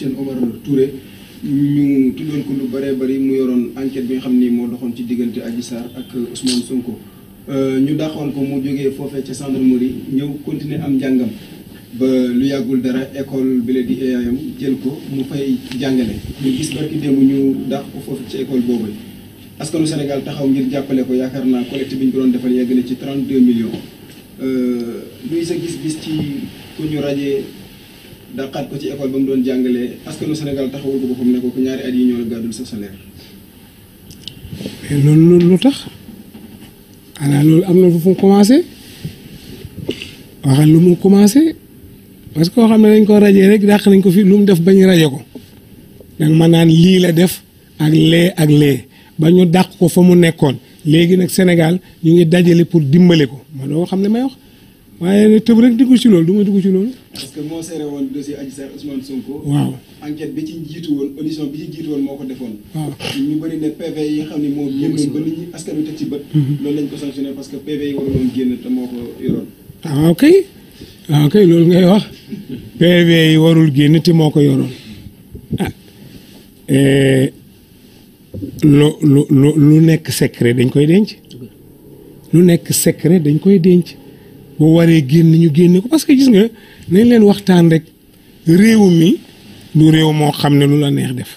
capitaine Omar Touré ñu tuddoon ko lu baree bari mu yoroon enquête bi ñu xam ni moo doxoon ci diggante Adji Sarr ak Ousmane Sonko euh, ñu daxoon ko mu jógee foofee ca gendarmerie ñëw continuer am njàngam ba lu yàggul dara école bi la di EAM jël ko mu fay jàngale ñu gis barki démb ñu dax ko foofu ci école boobu askanu Sénégal taxaw ngir jàppale ko yaakaar naa collecte bi ñu ko doon defal yegg na ci 32 millions euh, luy sa gis-gis ci ku ñu rajee daqaat ko ci école ba mu doon jàngalee askanu Sénégal taxawul ko boppam ko ku ñaari at yi ñoo la gàddul sa salaire. lu tax xanaa loolu am na fu mu commencé lu mu commencé parce que koo xam ne dañ ko rajee rek dàq nañ ko fi lu mu def bañ raje ko danga ma naan lii la def ak lee ak lee ba ñu ko fa mu nekkoon léegi nag Sénégal ñu ngi dajale pour dimbale ko ma doo xam ne may wax. waaye nag tëb rek dugg ci loolu du ma dugg ci loolu. parce que moo seere woon dossier Adji Sarr Ousmane Sonko. waaw enquête bi ci jiitu woon audition bi ci jiitu woon moo ko defoon. waaw ñu bëri yi nga xam ne moo génnoon ba nit ñi askan wi mhm. ko sanctionné parce que PV yi moo ko yoroon. ah ok ah, loolu ngay wax warul génn ti moo ko yoroon ah lu eh, lu lu nekk secret dañ koy denc. lu nekk secret dañ koy denc. boo waree génn ñu génne ko parce que gis nga nañ leen waxtaan rek réew mi du réew moo xam ne lu la neex def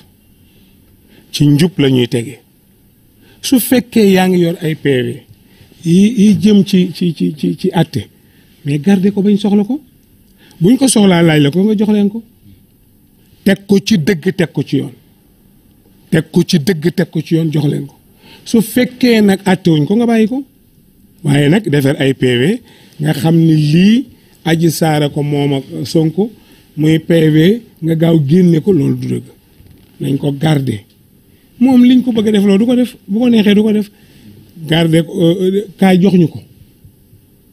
ci njub la ñuy tege su fekkee yaa ngi yor ay PV yi yi jëm ci ci ci ci ci àtte mais garde ko bañ soxla ko buñ ko soxlaa laaj la ko nga jox leen ko teg ko ci dëgg teg ko ci yoon teg ko ci dëgg teg ko ci yoon jox leen ko su fekkee nag àtte ko nga bàyyi ko waaye nag defar ay PV nga xam ni lii aji saara ko moom ak sonk muy PV nga gaaw génne ko loolu du dëgg nañ ko garder moom liñ ko bëgg def loolu du ko def bu ko neexee du ko def garder euh, euh, kaay jox ñu ko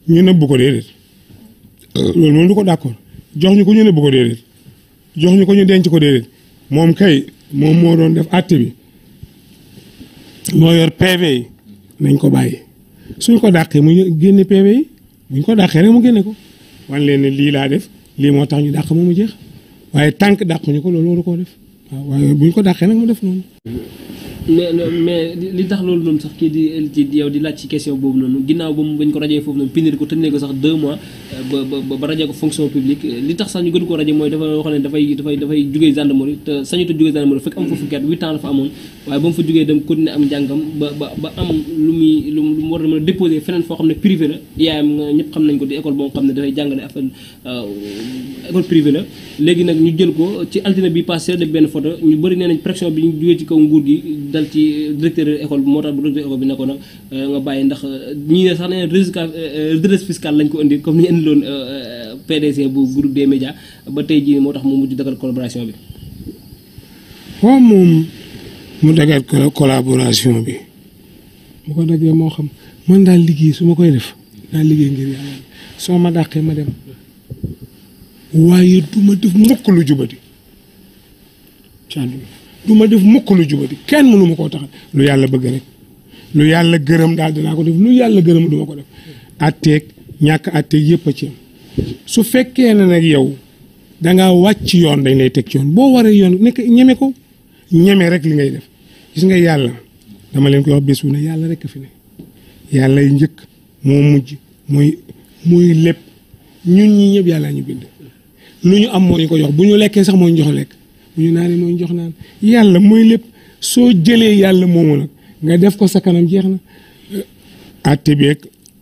ñu nëbbu ko déedéet euh. loolu moom du ko d'accord jox ñu ko ñu nëbb ko déedéet jox ñu ko ñu denc ko déedéet moom kay moom moo doon def àtte bi moo yor PV yi nañ ko bàyyi suñ ko dàqee mu génne PV yi bu ñu ko dàqee rek mu génne ko wan leen ne lii laa def lii moo tax ñu dàq moom mu jeex waaye tànk dàquñu ko loolu waru koo def waaye bu ñu ko dàqee nag mu def noonu. mais mais li tax loolu noonu sax kii di ci yow di laaj ci question boobu noonu ginnaaw ba mu bañ ko rajee foofu noonu pinir ko tëj ko sax 2 mois ba ba rajee ko fonction publique li tax sax ñu gën koo rajee mooy dafa wax ne dafay dafay dafay jugee gendarmerie te sañu ta jugee gendarmerie fekk am amoon waaye ba mu fa jógee dem continuer am njàngam ba ba ba am lu muy lu mu war a mën a déposé feneen foo xam ne privé la yaayam euh, ñëpp xam nañ ko di école boo xam ne dafay jàngale affaire euh, école privée la léegi nag ñu jël ko ci altine bi passé def benn photo ñu bëri nee nañ pression bi ñu jógee ci kaw nguur gi dal ci directeur école bi moo tax bu directeur bi ne ko nag euh, nga bàyyi ndax ñii ne sax nee redresse lañ ko indi comme ni loon PDC bu groupe des médias ba tey jii moo tax mu mujj dagal collaboration bi mu dagaat collaboration bi bu ko dagee moo xam man daal liggéey su ma koy def daal liggéey ngir yàlla soo ma dàqee ma dem waaye du ma def mukk lu jubadi ci àdduna du ma def mukk lu jubadi kenn mënu ma koo taxal lu yàlla bëgg rek lu yàlla gërëm daal dinaa ko def lu yàlla gërëm du ko def atteeg ñàkk atteeg yëpp a ci su fekkee ne nag yow da ngaa wàcc yoon dañ lay teg ci yoon boo waree yoon nekk ñeme ko ñeme rek li ngay def gis nga yàlla dama leen koy wax bés bu ne yàlla rek a fi ne yàlla yi njëkk moo mujj mooy muy lépp ñun ñi ñëpp yàlla ñu bind lu ñu am moo ñu ko jox bu ñu lekkee sax moo ñu jox lekk bu ñu naanee moo ñu jox naan yàlla mooy lépp soo jëlee yàlla moomu nag nga def ko sa kanam jeex na atte beeg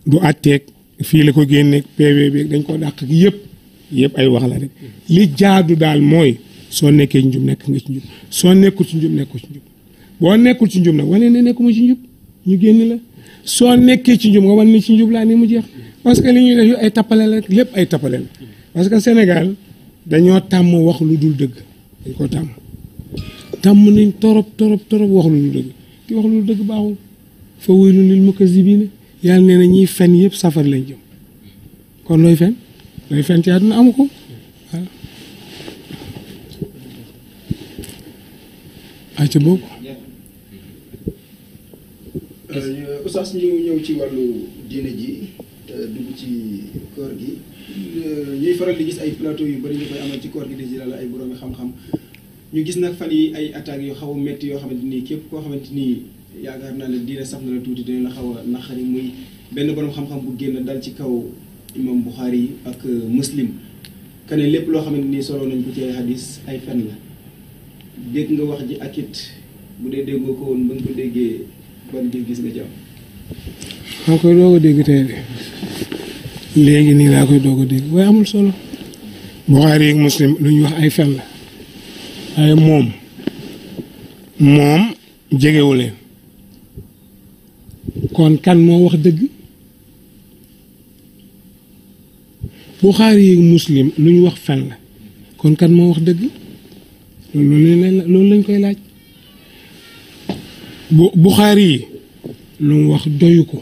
du atteeg fii la ko génneeg PV beeg dañ koo dàq ak yëpp yëpp ay wax la rek li jaadu daal mooy soo nekkee njub nekk nga ci njub soo nekkul ci njub nekkul ci njub boo nekkul ci njub nag wane ne nekkuma ci njub ñu génn la soo nekkee ci njub nga wan ne ci njub laa ni mu jeex parce que li ñuy def ay tappale la lépp ay tappale la parce que Sénégal dañoo tàmm wax lu dul dëgg dañ ko tàmm tàmm nañ torop torop torop wax lu dul dëgg ci wax lu dëgg baaxul fa waylun lil mukazzibiina yàlla nee na ñiy fen yëpp safar lañ jëm kon looy fen looy fen ci àdduna amu ko voilà ayca boobu Euh, oustaz ñu ñëw ci wàllu diine ji dugg ci koor gi euh, ñuy faral di gis ay plateau yu bari ñu koy amal ci koor gi di jëlal ay boroomi xam-xam ñu gis nag fan yi ay attaques yu xaw a métti yoo xamante nii képp koo xamante nii yaakaar naa ne diine sax na la tuuti dina la xaw a naqari muy benn borom xam-xam bu génn dal ci kaw imam Buxaari yi ak euh, muslim kane lépp loo xamante nii solo nañ ko ci ay xadis ay fen la dégg nga wax ji ak it bu dee déggoo ko woon ba nga ko déggee mujjee gis nga koy doog dégg tey de léegi nii laa koy doog a dégg waaye amul solo. Buxaari ak Muslim lu ñu wax ay fen la ay moom moom jegewu leen kon kan moo wax dëgg Buxaari ak Muslim lu wax fen la kon kan moo wax dëgg loolu lañ koy laaj bu Buxaari yi lu mu wax doyu ko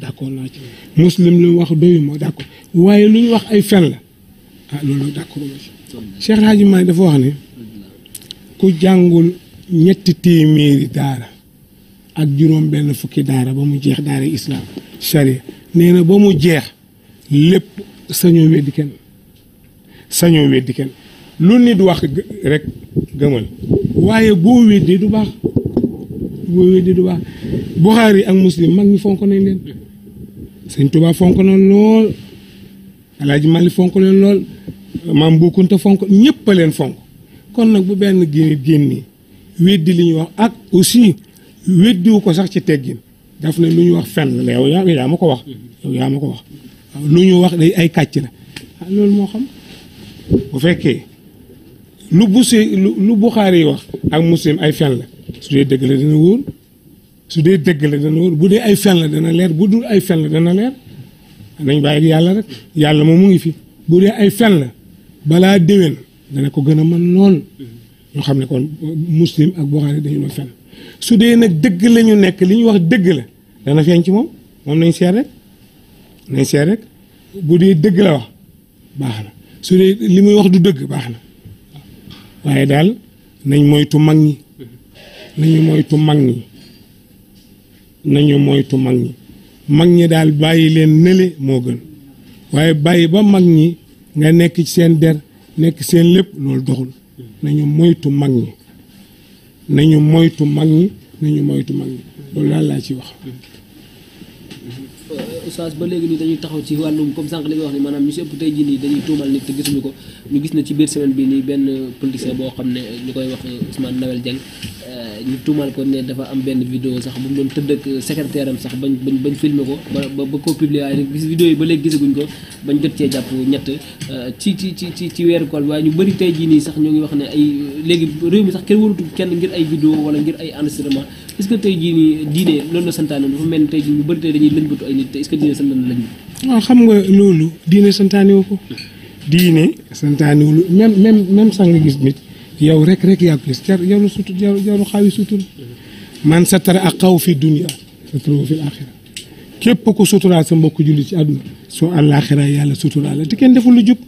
d'accord naa ci muslim lu mu wax doyu ma d'accord waaye lu ñu wax ay fen la ah loolu d'accord ma ci Cheikh Hadji Malick dafa wax ne ku jàngul ñetti téeméeri daara ak juróom benn fukki daara ba mu jeex daara islam sharia nee na ba mu jeex lépp sañoo weddi kenn sañoo weddi kenn lu nit wax rek gëmal waaye boo weddee du baax wéy di du baax Buxaari ak muslim mag ñi fonk nañ leen sëñ Tuubaa fonk na lool Alaaji mali fonk leen lool maam Bu fonk ñëpp leen fonk kon nag bu benn génn génni weddi li ñuy wax ak aussi weddiwu ko sax ci teggin daf ne lu ñu wax fenn la yow yaa ma ko wax yow yaa ma ko wax lu ñu wax day ay kàcc la ah, loolu moo xam bu fekkee lu buse lu lu Buxaari yi wax ak muslim ay fen la su dee dëgg la dana wóor su dee dëgg la dana wóor bu dee ay fen la dana leer bu dul ay fen la dana leer nañ bàyyi yàlla rek yàlla moom mu ngi fi bu dee ay fen la balaa déwén dana ko gën a mën lool ñu xam ne kon muslim ak boo buxaari dañu doon fen su dee nag dëgg la ñu nekk li ñu wax dëgg la dana feeñ ci moom moom nañ seet rek nañ seet rek bu dee dëgg la wax baax na su dee li muy wax du dëgg baax na waaye daal nañ moytu mag ñi nañu moytu mag ñi nañu moytu mag ñi mag ñi daal bàyyi leen nële moo gën waaye bàyyi ba mag ñi nga nekk ci seen der nekk seen lépp loolu doxul nañu moytu mag ñi nañu moytu mag ñi moytu mag ñi loolu daal laa ci wax oustaz ba léegi nii dañuy taxaw ci wàllum comme sànq li nga wax ni maanaam ñu si ëpp tey jii nii dañuy tuumal nit gisuñu ko ñu gis na ci biir semaine bi nii benn politicien boo xam ne ñu koy wax Ousmane Nawel Dieng euh, ñu tuumal ko ne dafa am benn vidéo sax bu mu doon tëdd ak secrétaire am sax bañ bañ bañ filmé ko ba ba ko publié waaye gis vidéo yi ba léegi gisaguñ ko bañ jot cee jàpp ñett euh, ci ci ci ci ci weeru koor waaye ñu bëri tey jii nii sax ñoo ngi wax ne ay léegi réew mi sax kenn warutu kenn ngir ay vidéo wala ngir ay enregistrement est ce tey jii nii diine loolu la santaane dafa mel ni tey jii ñu bëri tey dañuy lëñbatu ay nit te est ce diine santaane lañ waaw xam nga loolu diine santaane wu ko diine santaane wu même même même sax nga gis nit yow rek rek yaa gis jar yow la sutur yow la xaw yi sutur man satara ak xaw fi dunya satara fi axira képp ko suturaal sa mbokk julli ci àdduna soo àllaaxira yàlla suturaal la te kenn deful lu jub